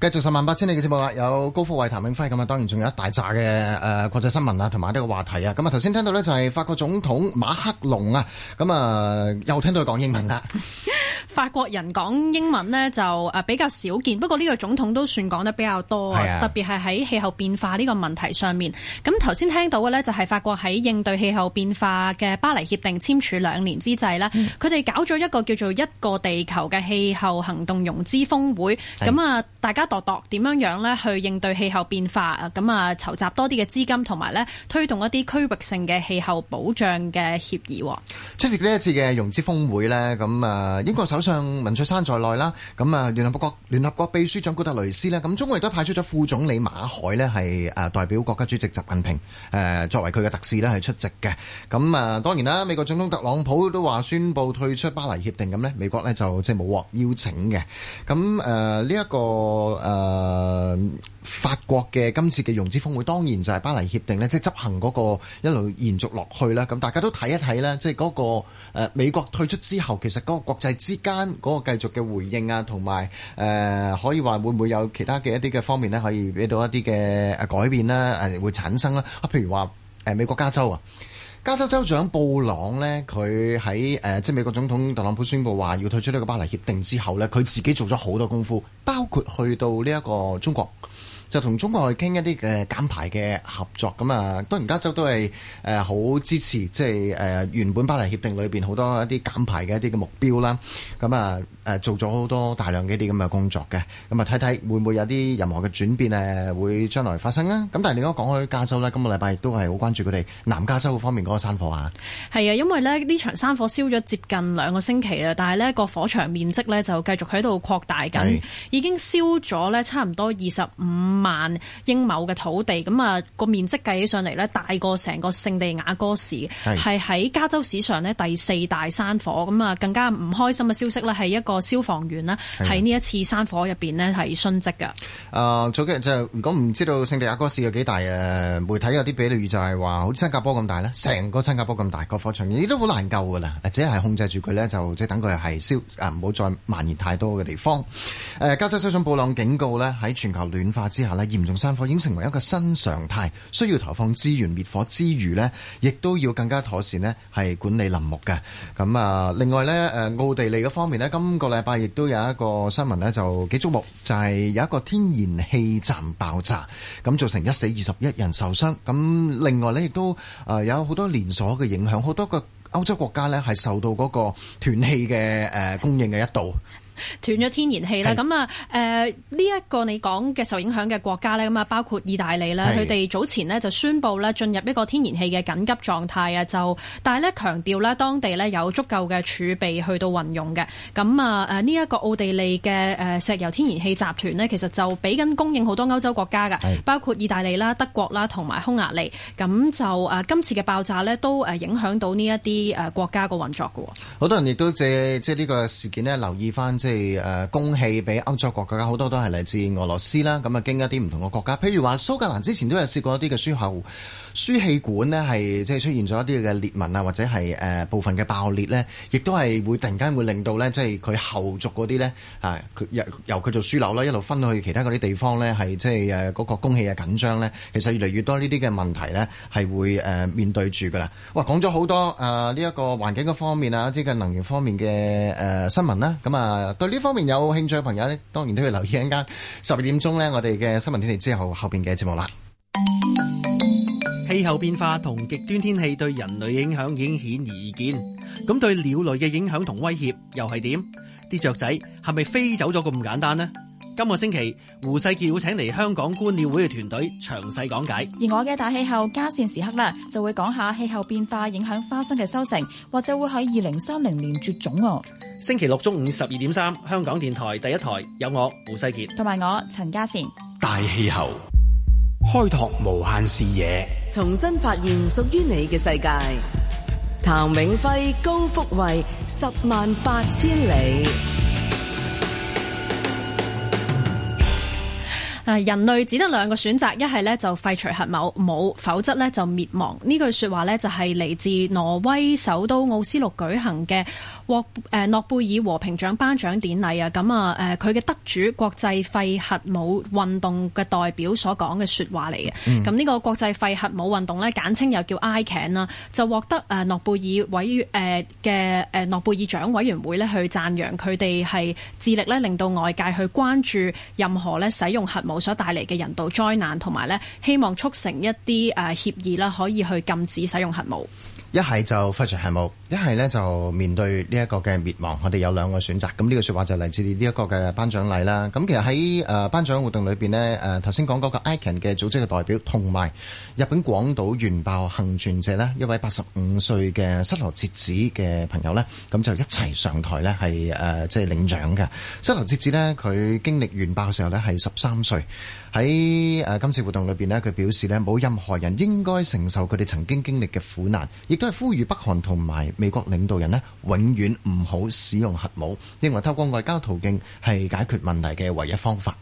繼續十萬八千里嘅節目啦，有高富慧、譚永輝咁啊，當然仲有一大扎嘅誒國際新聞啊，同埋呢個話題啊，咁啊頭先聽到咧就係法國總統馬克龍啊，咁啊又聽到佢講英文啦。 法國人講英文呢就誒比較少見，不過呢個總統都算講得比較多是的特別係喺氣候變化呢個問題上面。咁頭先聽到嘅呢，就係法國喺應對氣候變化嘅巴黎協定簽署兩年之際啦，佢哋、嗯、搞咗一個叫做一個地球嘅氣候行動融資峰會。咁啊的，大家度度點樣樣呢去應對氣候變化啊？咁啊，籌集多啲嘅資金同埋呢推動一啲區域性嘅氣候保障嘅協議。出席呢一次嘅融資峯會呢，咁啊英國首相文翠珊在內啦，咁啊聯合國聯合國秘書長古特雷斯呢，咁中國亦都派出咗副總理馬海呢，係誒代表國家主席習近平誒作為佢嘅特使呢，係出席嘅。咁啊當然啦，美國總統特朗普都話宣布退出巴黎協定，咁呢，美國呢就即係冇獲邀請嘅。咁誒呢一個誒。呃法國嘅今次嘅融資峰會，當然就係巴黎協定呢，即係執行嗰個一路延續落去啦。咁大家都睇一睇呢，即係嗰個美國退出之後，其實嗰個國際之間嗰個繼續嘅回應啊，同埋誒可以話會唔會有其他嘅一啲嘅方面呢，可以俾到一啲嘅改變啦，誒會產生啦。啊，譬如話美國加州啊，加州州長布朗呢，佢喺即係美國總統特朗普宣布話要退出呢個巴黎協定之後呢，佢自己做咗好多功夫，包括去到呢一個中國。就同中國去傾一啲嘅減排嘅合作咁啊，當然加州都係誒好支持，即係誒原本巴黎協定裏面好多一啲減排嘅一啲嘅目標啦。咁啊誒做咗好多大量嘅一啲咁嘅工作嘅。咁啊睇睇會唔會有啲任何嘅轉變咧，會將來發生啊？咁但係你而家講開加州咧，今個禮拜亦都係好關注佢哋南加州方面嗰個山火啊。係啊，因為咧呢場山火燒咗接近兩個星期啊，但係呢個火場面積咧就繼續喺度擴大緊，的已經燒咗咧差唔多二十五萬英畝嘅土地，咁、那、啊個面積計起上嚟呢，大過成個聖地亞哥市，係喺加州史上呢，第四大山火。咁啊是，更加唔開心嘅消息呢，係一個消防員呢，喺呢一次山火入邊呢，係殉職嘅。誒、呃，早幾日就如果唔知道聖地亞哥市有幾大誒、呃，媒體有啲比喻就係話好似新加坡咁大呢，成的個新加坡咁大，個火場亦都好難救噶啦，只係控制住佢呢，就即係等佢係消誒，唔、呃、好再蔓延太多嘅地方。誒、呃，加州州長布朗警告呢，喺全球暖化之後。啦，嚴重山火已經成為一個新常態，需要投放資源滅火之餘咧，亦都要更加妥善咧，係管理林木嘅。咁啊，另外咧，誒奧地利嘅方面咧，今個禮拜亦都有一個新聞咧，就幾矚目，就係有一個天然氣站爆炸，咁造成一死二十一人受傷。咁另外咧，亦都誒有好多連鎖嘅影響，好多個歐洲國家咧係受到嗰個斷氣嘅誒供應嘅一度。斷咗天然氣啦，咁啊誒呢一個你講嘅受影響嘅國家呢，咁啊包括意大利啦，佢哋早前呢就宣布呢進入一個天然氣嘅緊急狀態啊，就但係呢，強調呢當地呢有足夠嘅儲備去到運用嘅，咁啊誒呢一個奧地利嘅誒石油天然氣集團呢，其實就俾緊供應好多歐洲國家㗎，包括意大利啦、德國啦同埋匈牙利，咁就誒、呃、今次嘅爆炸呢，都誒影響到呢一啲誒國家個運作嘅。好多人亦都借即係呢個事件呢留意返即係誒供氣俾歐洲國家，好多都係嚟自俄羅斯啦。咁啊，經一啲唔同嘅國家，譬如話蘇格蘭之前都有試過一啲嘅輸后輸氣管，呢係即係出現咗一啲嘅裂紋啊，或者係誒部分嘅爆裂咧，亦都係會突然間會令到咧，即係佢後續嗰啲咧啊，佢由由佢做樞紐啦，一路分去其他嗰啲地方咧，係即係誒嗰個供氣嘅緊張咧。其實越嚟越多呢啲嘅問題咧，係會誒面對住噶啦。哇，講咗好多啊，呢一個環境方面啊，一啲嘅能源方面嘅新聞啦，咁啊～對呢方面有興趣嘅朋友咧，當然都要留意一下。十二點鐘咧，我哋嘅新聞天地之後後邊嘅節目啦。氣候變化同極端天氣對人類影響已經顯而易見，咁對鳥類嘅影響同威脅又係點？啲雀仔係咪飛走咗咁簡單呢？今個星期，胡世杰會請嚟香港觀鳥會嘅團隊詳細講解。而我嘅大氣候加善時刻呢，就會講下氣候變化影響花生嘅收成，或者會喺二零三零年絕種。星期六中午十二點三，3，香港電台第一台有我胡世杰，同埋我陳嘉善。大氣候開拓無限視野，重新發現屬於你嘅世界。譚永輝、高福位，十萬八千里。人類只得兩個選擇，一係咧就廢除核武武，否則咧就滅亡。呢句說話咧就係嚟自挪威首都奧斯陸舉行嘅獲誒諾貝爾和平獎頒獎典禮啊。咁啊誒佢嘅得主國際廢核武運動嘅代表所講嘅說話嚟嘅。咁呢個國際廢核武運動咧簡稱又叫 ICAN 啦，就獲得誒諾貝爾委誒嘅誒諾貝爾獎委員會咧去讚揚佢哋係致力咧令到外界去關注任何咧使用核武。所帶嚟嘅人道災難，同埋咧希望促成一啲誒協議啦，可以去禁止使用核武。一係就非常係冇，一係咧就面對呢一個嘅滅亡。我哋有兩個選擇。咁呢個說話就嚟自呢一個嘅頒獎禮啦。咁其實喺誒頒獎活動裏邊呢，誒頭先講嗰個 ICAN 嘅組織嘅代表，同埋日本廣島原爆幸存者呢，一位八十五歲嘅失羅節子嘅朋友呢，咁就一齊上台呢係誒即係領獎嘅。失羅節子呢，佢經歷原爆嘅時候呢係十三歲。喺誒今次活動裏邊，咧，佢表示咧冇任何人應該承受佢哋曾經經歷嘅苦難，亦都係呼籲北韓同埋美國領導人咧永遠唔好使用核武，認為透過外交途徑係解決問題嘅唯一方法。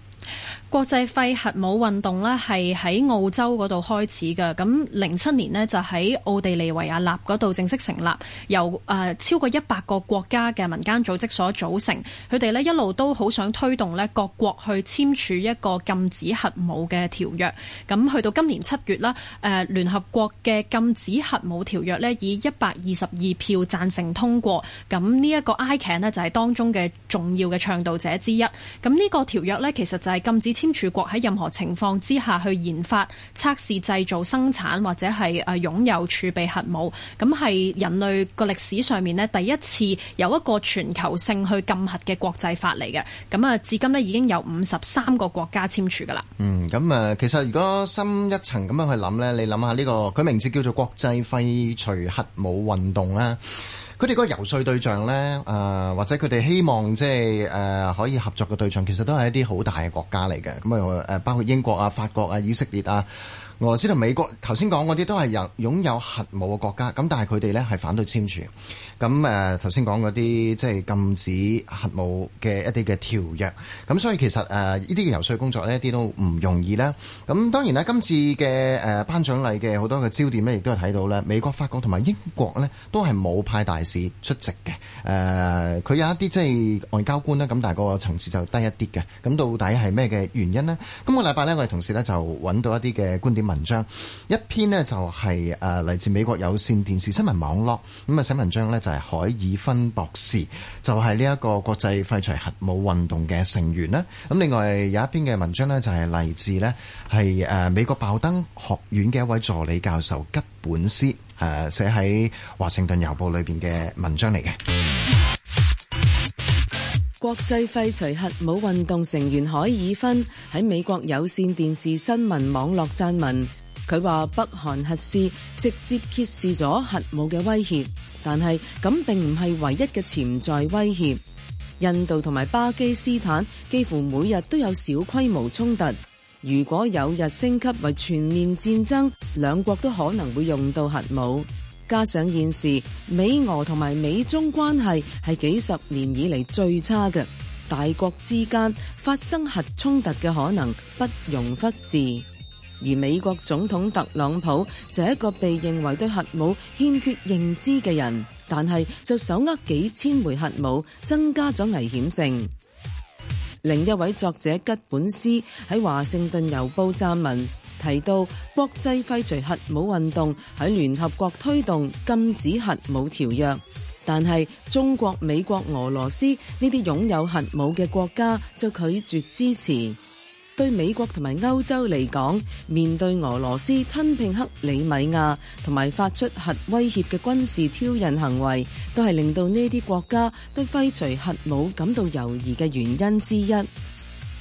國際廢核武運動咧係喺澳洲嗰度開始嘅，咁零七年呢就喺奧地利維也納嗰度正式成立，由誒、呃、超過一百個國家嘅民間組織所組成。佢哋呢一路都好想推動咧各國去簽署一個禁止核武嘅條約。咁去到今年七月啦，誒、呃、聯合國嘅禁止核武條約咧以一百二十二票贊成通過。咁呢一個 ICAN 呢就係當中嘅重要嘅倡導者之一。咁呢個條約呢其實就係禁止超。簽署國喺任何情況之下去研發、測試、製造、生產或者係誒擁有儲備核武，咁係人類個歷史上面呢第一次有一個全球性去禁核嘅國際法嚟嘅。咁啊，至今呢已經有五十三個國家簽署噶啦。嗯，咁啊，其實如果深一層咁樣去諗呢，你諗下呢個佢名字叫做國際廢除核武運動啦。佢哋個遊說對象咧，誒或者佢哋希望即係誒可以合作嘅對象，其實都係一啲好大嘅國家嚟嘅，咁啊誒包括英國啊、法國啊、以色列啊。俄羅斯同美國頭先講嗰啲都係有擁有核武嘅國家，咁但係佢哋呢係反對簽署，咁誒頭先講嗰啲即係禁止核武嘅一啲嘅條約，咁所以其實誒呢啲嘅游說工作呢，一啲都唔容易啦。咁當然啦、啊，今次嘅誒頒獎禮嘅好多嘅焦點呢，亦都係睇到呢美國、法國同埋英國呢，都係冇派大使出席嘅。誒、呃、佢有一啲即係外交官呢，咁但係個層次就低一啲嘅。咁到底係咩嘅原因呢？今個禮拜呢，我哋同事呢，就揾到一啲嘅觀點。文章一篇呢就係誒，嚟自美國有線電視新聞網絡，咁啊，寫文章呢就係海爾芬博士，就係呢一個國際廢除核武運動嘅成員啦。咁另外有一篇嘅文章呢，就係嚟自呢係誒美國鮑登學院嘅一位助理教授吉本斯，誒寫喺華盛頓郵報裏邊嘅文章嚟嘅。國際廢除核武運動成員海爾芬喺美國有綫電視新聞網絡撰文，佢話北韓核試直接揭示咗核武嘅威脅，但係咁並唔係唯一嘅潛在威脅。印度同埋巴基斯坦幾乎每日都有小規模衝突，如果有日升級為全面戰爭，兩國都可能會用到核武。加上現時美俄同埋美中關係係幾十年以嚟最差嘅，大國之間發生核衝突嘅可能不容忽視。而美國總統特朗普就一個被認為對核武欠缺認知嘅人，但係就手握幾千枚核武，增加咗危險性。另一位作者吉本斯喺華盛頓郵報撰文。提到國際廢除核武運動喺聯合國推動禁止核武條約，但係中國、美國、俄羅斯呢啲擁有核武嘅國家就拒絕支持。對美國同埋歐洲嚟講，面對俄羅斯吞併克里米亞同埋發出核威脅嘅軍事挑釁行為，都係令到呢啲國家對廢除核武感到猶疑嘅原因之一。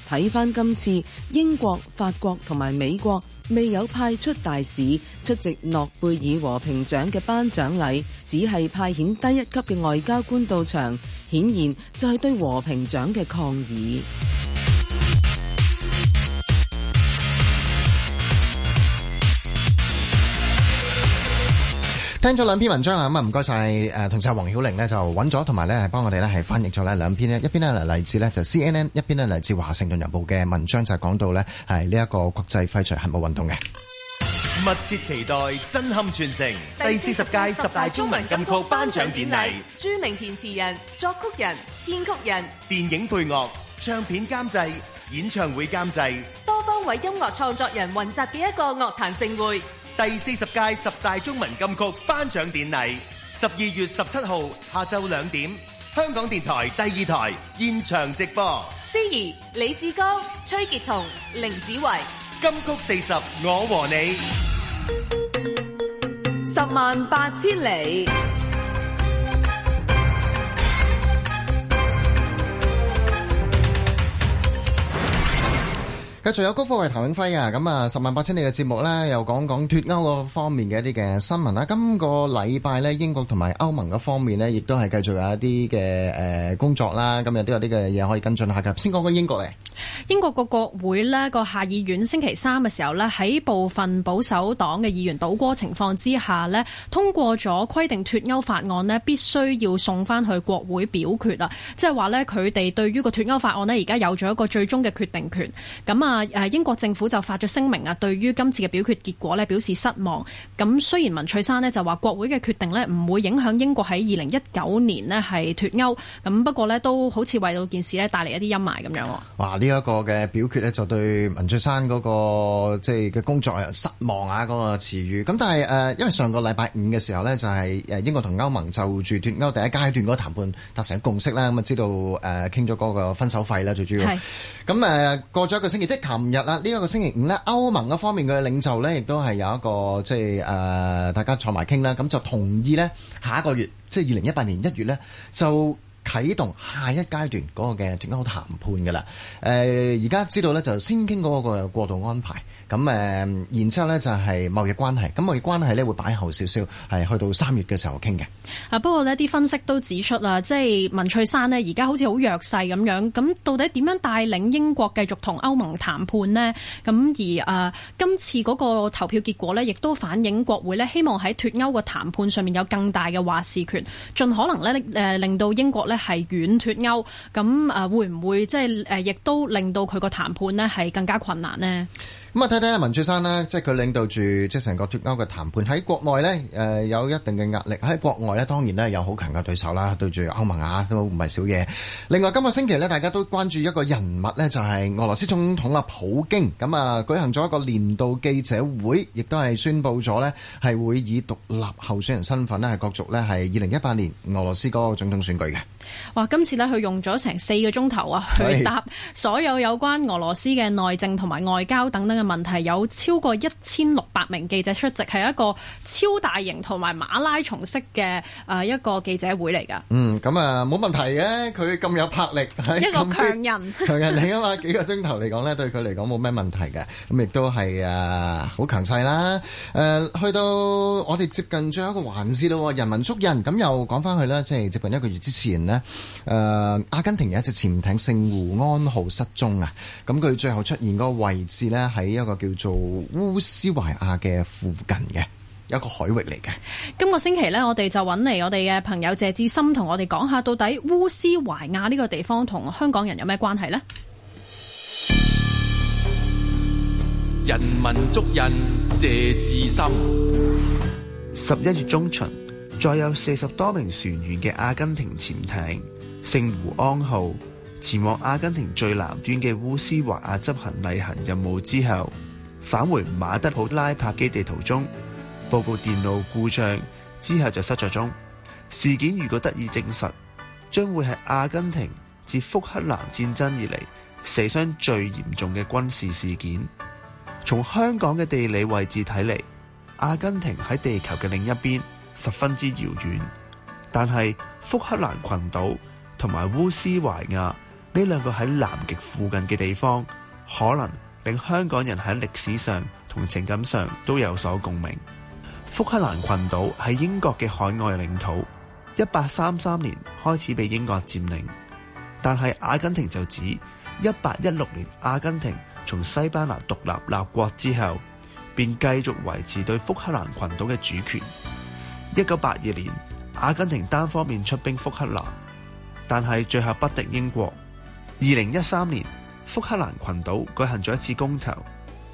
睇翻今次英國、法國同埋美國。未有派出大使出席諾貝爾和平獎嘅頒獎禮，只係派遣低一級嘅外交官到場，顯然就係對和平獎嘅抗議。聽咗兩篇文章啊，咁啊唔該晒誒，同事黃曉玲咧就揾咗，同埋咧係幫我哋咧係翻譯咗咧兩篇一篇咧嚟自咧就 C N N，一篇咧嚟自《華盛頓郵報》嘅文章就係講到咧係呢一個國際廢除核武運動嘅。密切期待震撼全城，第四十屆十大中文金曲頒獎典禮，著名填詞人、作曲人、編曲人、電影配樂、唱片監製、演唱會監製、多方位音樂創作人雲集嘅一個樂壇盛會。第四十屆十大中文金曲頒獎典禮，十二月十七號下晝兩點，香港電台第二台現場直播。思儀、李志剛、崔杰彤、凌子維，金曲四十，我和你，十萬八千里。繼續有高科慧、譚永輝啊，咁啊十萬八千里嘅節目咧，又講講脫歐嗰方面嘅一啲嘅新聞啦。今個禮拜咧，英國同埋歐盟嗰方面咧，亦都係繼續有一啲嘅誒工作啦。今日都有啲嘅嘢可以跟進下㗎，先講講英國咧。英國個國會呢個下議院星期三嘅時候呢，喺部分保守黨嘅議員倒戈情況之下呢，通過咗規定脫歐法案呢必須要送翻去國會表決啦。即係話呢，佢哋對於個脫歐法案呢而家有咗一個最終嘅決定權。咁啊，誒，英國政府就發咗聲明啊，對於今次嘅表決結果呢表示失望。咁雖然文翠珊呢就話國會嘅決定呢唔會影響英國喺二零一九年呢係脫歐，咁不過呢，都好似為到件事呢帶嚟一啲陰霾咁樣。呢一個嘅表決咧，就對文翠珊嗰個即係嘅工作失望啊，嗰個詞語。咁但係誒，因為上個禮拜五嘅時候咧，就係誒英國同歐盟就住脫歐第一階段嗰個談判達成共識啦。咁啊，知道誒傾咗嗰個分手費啦，最主要。咁誒過咗一個星期，即係琴日啊，呢一個星期五咧，歐盟嗰方面嘅領袖咧，亦都係有一個即係誒大家坐埋傾啦。咁就同意咧，下一個月，即係二零一八年一月咧，就。啟動下一階段嗰個嘅脱歐談判噶啦，誒而家知道咧就先傾嗰個過渡安排。咁誒，然之後呢就係貿易關係，咁貿易關係呢會擺後少少，係去到三月嘅時候傾嘅。啊，不過呢啲分析都指出啦，即係文翠珊呢而家好似好弱勢咁樣，咁到底點樣帶領英國繼續同歐盟談判呢？咁而誒、呃、今次嗰個投票結果呢，亦都反映國會呢希望喺脫歐嘅談判上面有更大嘅話事權，盡可能呢、呃、令到英國呢係軟脫歐。咁誒會唔會即係亦都令到佢個談判呢係更加困難呢？咁啊，睇睇阿文翠珊啦，即係佢領導住即係成個脱歐嘅談判喺國內咧，誒有一定嘅壓力；喺國外咧，當然咧有好強嘅對手啦，對住歐盟啊都唔係少嘢。另外，今個星期咧，大家都關注一個人物咧，就係俄羅斯總統啊普京。咁啊，舉行咗一個年度記者會，亦都係宣布咗咧，係會以獨立候選人身份咧，係角逐咧係二零一八年俄羅斯嗰個總統選舉嘅。哇！今次咧，佢用咗成四個鐘頭啊，去答所有有關俄羅斯嘅內政同埋外交等等嘅。問題。有超過一千六百名記者出席，係一個超大型同埋馬拉松式嘅，誒一個記者會嚟噶。嗯，咁啊冇問題嘅，佢咁有魄力，一個強人強人嚟啊嘛， 幾個鐘頭嚟講咧，對佢嚟講冇咩問題嘅。咁亦都係啊，好強勢啦。誒、啊，去到我哋接近最後一個環節啦，人民足印咁又講翻去啦，即係接近一個月之前呢誒、啊，阿根廷有一隻潛艇聖胡安號失蹤啊，咁佢最後出現個位置咧喺。一個叫做烏斯懷亞嘅附近嘅一個海域嚟嘅。今個星期呢，我哋就搵嚟我哋嘅朋友謝志深，同我哋講下到底烏斯懷亞呢個地方同香港人有咩關係呢？人民足印，謝志深。十一月中旬，載有四十多名船員嘅阿根廷潛艇聖胡安號，前往阿根廷最南端嘅烏斯華亞執行例行任務之後，返回馬德普拉帕基地途中，報告電腦故障之後就失咗蹤。事件如果得以證實，將會係阿根廷自福克蘭戰爭以嚟死傷最嚴重嘅軍事事件。從香港嘅地理位置睇嚟，阿根廷喺地球嘅另一邊，十分之遙遠。但係福克蘭群島同埋烏斯懷亞。呢兩個喺南極附近嘅地方，可能令香港人喺歷史上同情感上都有所共鳴。福克蘭群島係英國嘅海外領土，一八三三年開始被英國佔領，但係阿根廷就指，一八一六年阿根廷從西班牙獨立立國之後，便繼續維持對福克蘭群島嘅主權。一九八二年，阿根廷單方面出兵福克蘭，但係最後不敵英國。二零一三年，福克蘭群島舉行咗一次公投，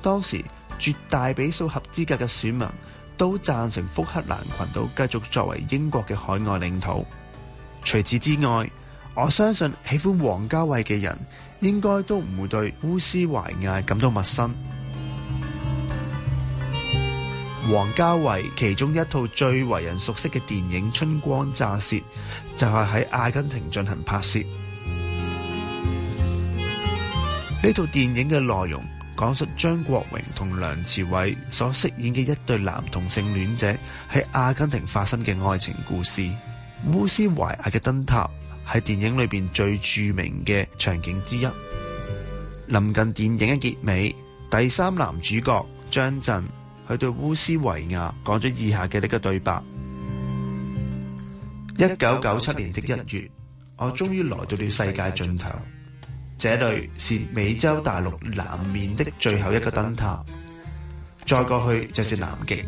當時絕大比數合資格嘅選民都贊成福克蘭群島繼續作為英國嘅海外領土。除此之外，我相信喜歡王家衛嘅人，應該都唔會對烏斯懷亞感到陌生。王家衛其中一套最為人熟悉嘅電影《春光乍泄》，就係、是、喺阿根廷進行拍攝。呢套電影嘅內容講述張國榮同梁朝偉所飾演嘅一對男同性戀者喺阿根廷發生嘅愛情故事。烏斯懷亞嘅燈塔係電影裏邊最著名嘅場景之一。臨近電影嘅結尾，第三男主角張震佢對烏斯維亞講咗以下嘅呢個對白：一九九七年的一月，我終於來到了世界盡頭。這裏是美洲大陸南面的最後一個燈塔，再過去就是南極。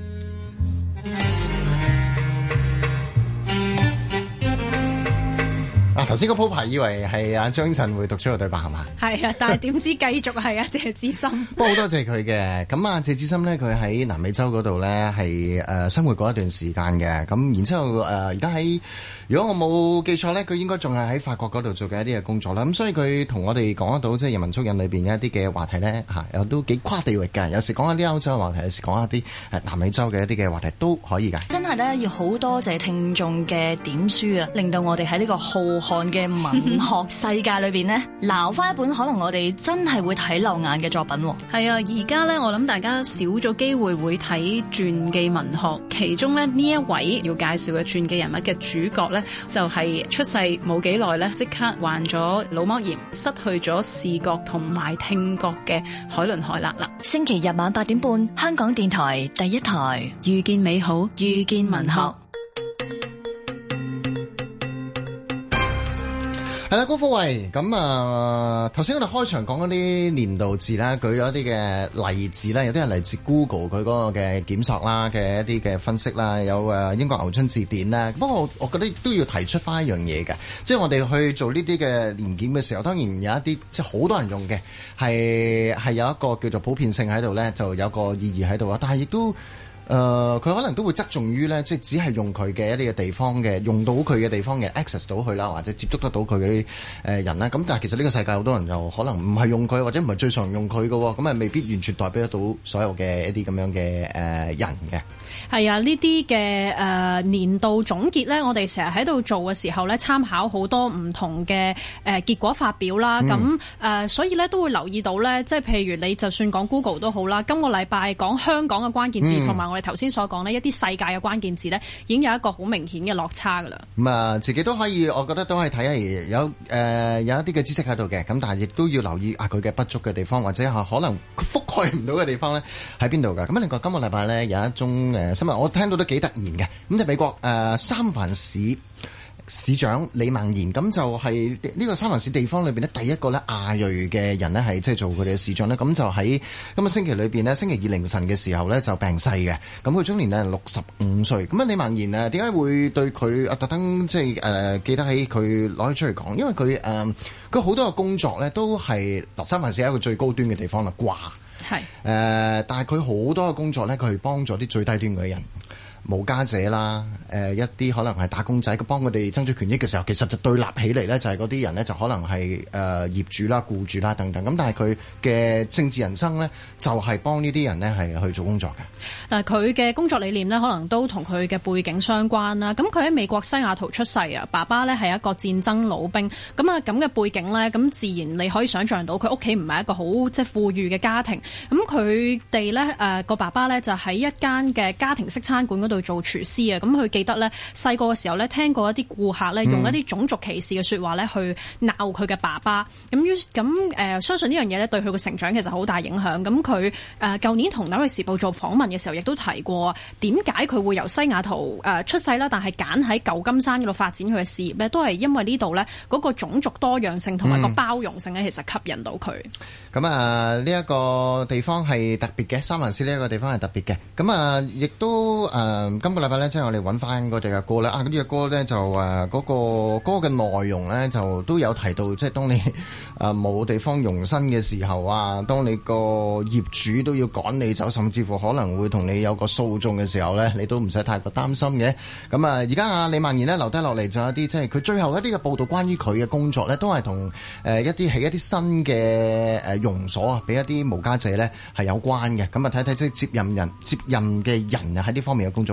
頭先個鋪排以為係阿張晨會讀出個對白係嘛？係啊，但係點知繼續係啊。 謝之深。不過好多謝佢嘅。咁啊，謝之深咧，佢喺南美洲嗰度咧係誒生活過一段時間嘅。咁然之後誒，而家喺如果我冇記錯咧，佢應該仲係喺法國嗰度做緊一啲嘅工作啦。咁所以佢同我哋講得到即係、就是、人民足印裏邊嘅一啲嘅話題咧嚇，也都幾跨地域嘅。有時講下啲歐洲嘅話題，有時講下啲南美洲嘅一啲嘅話題都可以㗎。真係咧，要好多謝聽眾嘅點書啊，令到我哋喺呢個浩瀚嘅 文學世界裏邊呢撈翻一本可能我哋真係會睇漏眼嘅作品。係啊，而家呢，我諗大家少咗機會會睇傳記文學，其中呢，呢一位要介紹嘅傳記人物嘅主角呢，就係出世冇幾耐呢，即刻患咗腦膜炎，失去咗視覺同埋聽覺嘅海倫·凱勒啦。星期日晚八點半，香港電台第一台《遇見美好，遇見文學》文學。係啦，高富威咁啊！頭先、呃、我哋開場講嗰啲年度字啦，舉咗一啲嘅例子啦，有啲係嚟自 Google 佢嗰個嘅檢索啦嘅一啲嘅分析啦，有誒英國牛津字典啦。不過我覺得都要提出翻一樣嘢嘅，即係我哋去做呢啲嘅年檢嘅時候，當然有一啲即係好多人用嘅，係係有一個叫做普遍性喺度咧，就有個意義喺度啊。但係亦都。誒，佢、呃、可能都會側重於咧，即係只係用佢嘅一啲嘅地方嘅，用到佢嘅地方嘅 access 到佢啦，或者接觸得到佢嘅誒人啦。咁但係其實呢個世界好多人就可能唔係用佢，或者唔係最常用佢嘅，咁咪未必完全代表得到所有嘅一啲咁樣嘅誒人嘅。係啊，呢啲嘅誒年度總結咧，我哋成日喺度做嘅時候咧，參考好多唔同嘅誒、呃、結果發表啦。咁誒、嗯呃，所以咧都會留意到咧，即係譬如你就算講 Google 都好啦，今個禮拜講香港嘅關鍵字同埋，嗯我哋頭先所講呢，一啲世界嘅關鍵字咧，已經有一個好明顯嘅落差噶啦。咁啊、嗯，自己都可以，我覺得都可以睇係有誒、呃、有一啲嘅知識喺度嘅，咁但係亦都要留意啊佢嘅不足嘅地方，或者可能佢覆蓋唔到嘅地方咧喺邊度噶？咁另外今個禮拜咧有一宗誒、呃、新聞，我聽到都幾突然嘅。咁、嗯、就美國誒、呃、三藩市。市長李孟賢，咁就係呢個三藩市地方裏面呢，第一個咧，亞裔嘅人呢，係即係做佢哋嘅市長呢。咁就喺今個星期裏面，呢星期二凌晨嘅時候呢，就病逝嘅，咁佢終年呢，六十五歲。咁啊李孟賢啊，點解會對佢啊特登即係誒記得喺佢攞佢出嚟講？因為佢誒佢好多嘅工作呢，都係三藩市係一個最高端嘅地方啦，掛是、呃、但係佢好多嘅工作呢，佢係幫助啲最低端嘅人。冇家者啦，誒、呃、一啲可能係打工仔，佢幫佢哋爭取權益嘅時候，其實就對立起嚟咧，就係嗰啲人咧，就可能係誒、呃、業主啦、雇主啦等等。咁但係佢嘅政治人生咧，就係、是、幫呢啲人咧係去做工作嘅。嗱，佢嘅工作理念咧，可能都同佢嘅背景相關啦。咁佢喺美國西雅圖出世啊，爸爸咧係一個戰爭老兵。咁啊咁嘅背景咧，咁自然你可以想象到，佢屋企唔係一個好即係富裕嘅家庭。咁佢哋咧誒個爸爸咧就喺一間嘅家庭式餐館度。去做廚師啊，咁佢記得呢細個嘅時候呢，聽過一啲顧客呢，用一啲種族歧視嘅説話呢，去鬧佢嘅爸爸。咁於咁誒、呃，相信呢樣嘢呢，對佢嘅成長其實好大影響。咁佢誒舊年同紐約時報做訪問嘅時候，亦都提過點解佢會由西雅圖誒出世啦，但係揀喺舊金山嗰度發展佢嘅事業呢，都係因為呢度呢嗰個種族多樣性同埋個包容性呢，其實吸引到佢。咁啊、嗯，呢一、呃這個地方係特別嘅，三藩市呢一個地方係特別嘅。咁啊，亦、呃、都誒。呃嗯、今個禮拜咧，即係我哋揾翻嗰隻歌啦啊，哥哥呢隻歌咧就誒嗰歌嘅內容咧，就都有提到，即係當你誒冇、啊、地方容身嘅時候啊，當你個業主都要趕你走，甚至乎可能會同你有個訴訟嘅時候咧，你都唔使太過擔心嘅。咁啊，而家啊，李曼賢咧留低落嚟，就一啲即係佢最後一啲嘅報道，關於佢嘅工作咧，都係同誒一啲起一啲新嘅誒容所啊，俾一啲無家者咧係有關嘅。咁啊，睇睇即係接任人接任嘅人啊，喺呢方面嘅工作。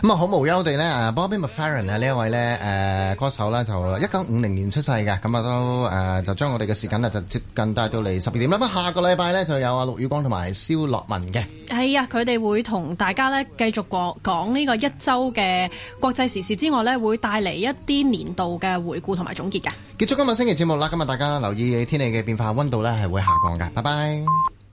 咁啊，好、嗯、無憂地咧啊，Bobby McFerrin 啊呢一位咧，誒、呃、歌手咧就一九五零年出世嘅，咁啊都誒、呃、就將我哋嘅時間呢，就接近帶到嚟十二點啦。咁下個禮拜咧就有阿陸羽光同埋蕭樂文嘅。係啊，佢哋會同大家咧繼續講講呢個一周嘅國際時事之外咧，會帶嚟一啲年度嘅回顧同埋總結嘅。結束今日星期節目啦，今日大家留意天氣嘅變化，溫度咧係會下降嘅。拜拜。